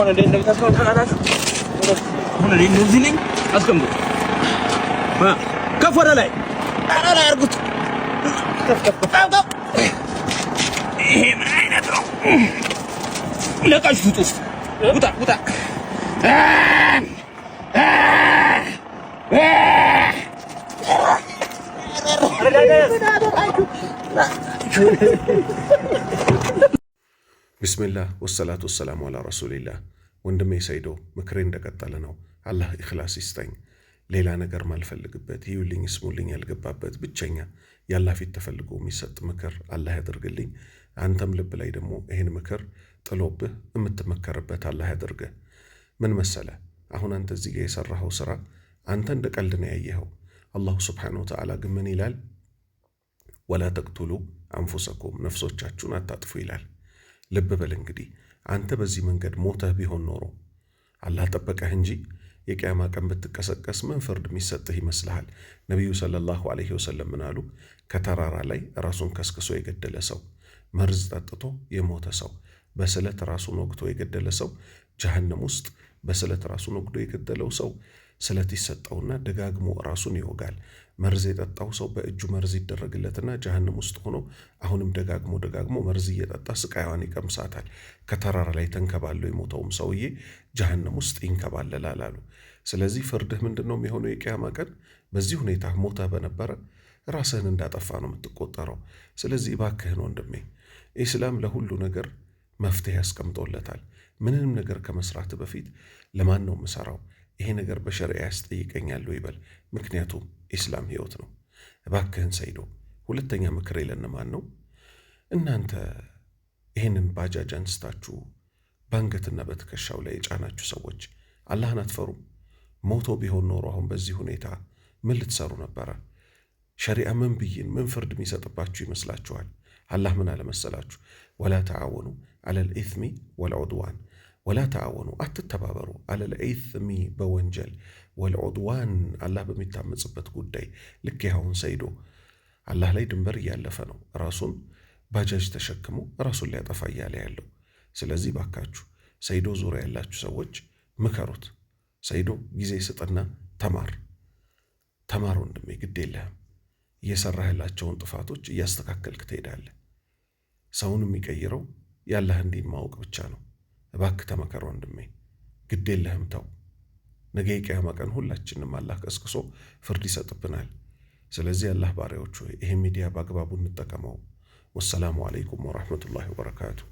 አሁን እንዴት እንደምታስቀምጥ ታውቃላችሁ? አሁን እንደዚህ ነኝ አስቀምጥ። ከፍ ወደ ላይ ላይ አድርጉት። ይሄ ምን አይነት ነው? ለቃችሁ ውጡ። ውጣ ውጣ ቢስሚላህ ወሰላት ወሰላሙ አላ ረሱሊላህ። ወንድሜ ሰይዶ ምክሬ እንደቀጠለ ነው። አላህ ኢኽላስ ይስጠኝ። ሌላ ነገር ማልፈልግበት ይዩልኝ ስሙልኝ ያልገባበት ብቸኛ ያላህ ፊት ተፈልጎ የሚሰጥ ምክር አላህ ያደርግልኝ። አንተም ልብ ላይ ደግሞ ይህን ምክር ጥሎብህ የምትመከርበት አላህ ያደርግህ። ምን መሰለ፣ አሁን አንተ እዚህ ጋር የሰራኸው ስራ አንተ እንደ ቀልድ ነው ያየኸው። አላሁ ስብሓነሁ ወተዓላ ግን ምን ይላል? ወላ ተቅቱሉ አንፉሰኩም፣ ነፍሶቻችሁን አታጥፉ ይላል። ልብ በል እንግዲህ አንተ በዚህ መንገድ ሞተህ ቢሆን ኖሮ አላህ ጠበቀህ እንጂ የቅያማ ቀን ብትቀሰቀስ ምን ፍርድ የሚሰጥህ ይመስልሃል? ነቢዩ ሰለላሁ ዐለይሂ ወሰለም ምን አሉ? ከተራራ ላይ ራሱን ከስክሶ የገደለ ሰው፣ መርዝ ጠጥቶ የሞተ ሰው፣ በስለት ራሱን ወግቶ የገደለ ሰው፣ ጀሀነም ውስጥ በስለት ራሱን ወግዶ የገደለው ሰው ስለት ይሰጠውና ደጋግሞ ራሱን ይወጋል። መርዝ የጠጣው ሰው በእጁ መርዝ ይደረግለትና ጀሃንም ውስጥ ሆኖ አሁንም ደጋግሞ ደጋግሞ መርዝ እየጠጣ ስቃይዋን ይቀምሳታል። ከተራራ ላይ ተንከባለው የሞተውም ሰውዬ ጀሃንም ውስጥ ይንከባለላል አሉ። ስለዚህ ፍርድህ ምንድን ነው የሚሆነው? የቅያማ ቀን በዚህ ሁኔታ ሞተ በነበረ ራስህን እንዳጠፋ ነው የምትቆጠረው። ስለዚህ እባክህን ወንድሜ ኢስላም ለሁሉ ነገር መፍትሄ ያስቀምጦለታል። ምንንም ነገር ከመስራት በፊት ለማን ነው የምሰራው ይሄ ነገር በሸሪያ ያስጠይቀኛል ይበል። ምክንያቱም ኢስላም ህይወት ነው። እባክህን ሰይዶ፣ ሁለተኛ ምክር ለነማን ነው? እናንተ ይህንን ባጃጅ አንስታችሁ በአንገትና በትከሻው ላይ የጫናችሁ ሰዎች አላህን አትፈሩም? ሞቶ ቢሆን ኖሮ አሁን በዚህ ሁኔታ ምን ልትሰሩ ነበረ? ሸሪዓ ምን ብይን ምን ፍርድ የሚሰጥባችሁ ይመስላችኋል? አላህ ምን አለመሰላችሁ? ወላ ተዓወኑ አለል ኢትሚ ወልዑድዋን ወላ ተአወኑ አትተባበሩ፣ አለል ኢስሚ በወንጀል ወልዑድዋን አላህ በሚታመጽበት ጉዳይ። ልክ ይኸውን ሰይዶ አላህ ላይ ድንበር እያለፈ ነው። ራሱን ባጃጅ ተሸክሞ ራሱን ሊያጠፋ እያለ ያለው። ስለዚህ ባካችሁ ሰይዶ ዙሪያ ያላችሁ ሰዎች ምከሩት። ሰይዶ ጊዜ ስጥና ተማር ተማር ወንድሜ፣ ግድ የለህም። እየሰራህላቸውን ጥፋቶች እያስተካከልክ ትሄዳለህ። ሰውን የሚቀይረው የአላህ እንዲን ማወቅ ብቻ ነው። እባክ ተመከር ወንድሜ፣ ግድ የለህም ተው። ነገ የቂያማ ቀን ሁላችንም አላህ ቀስቅሶ ፍርድ ይሰጥብናል። ስለዚህ አላህ ባሪያዎች ሆይ ይህ ሚዲያ በአግባቡ እንጠቀመው። ወሰላሙ አለይኩም ወረሕመቱላሂ ወበረካቱሁ።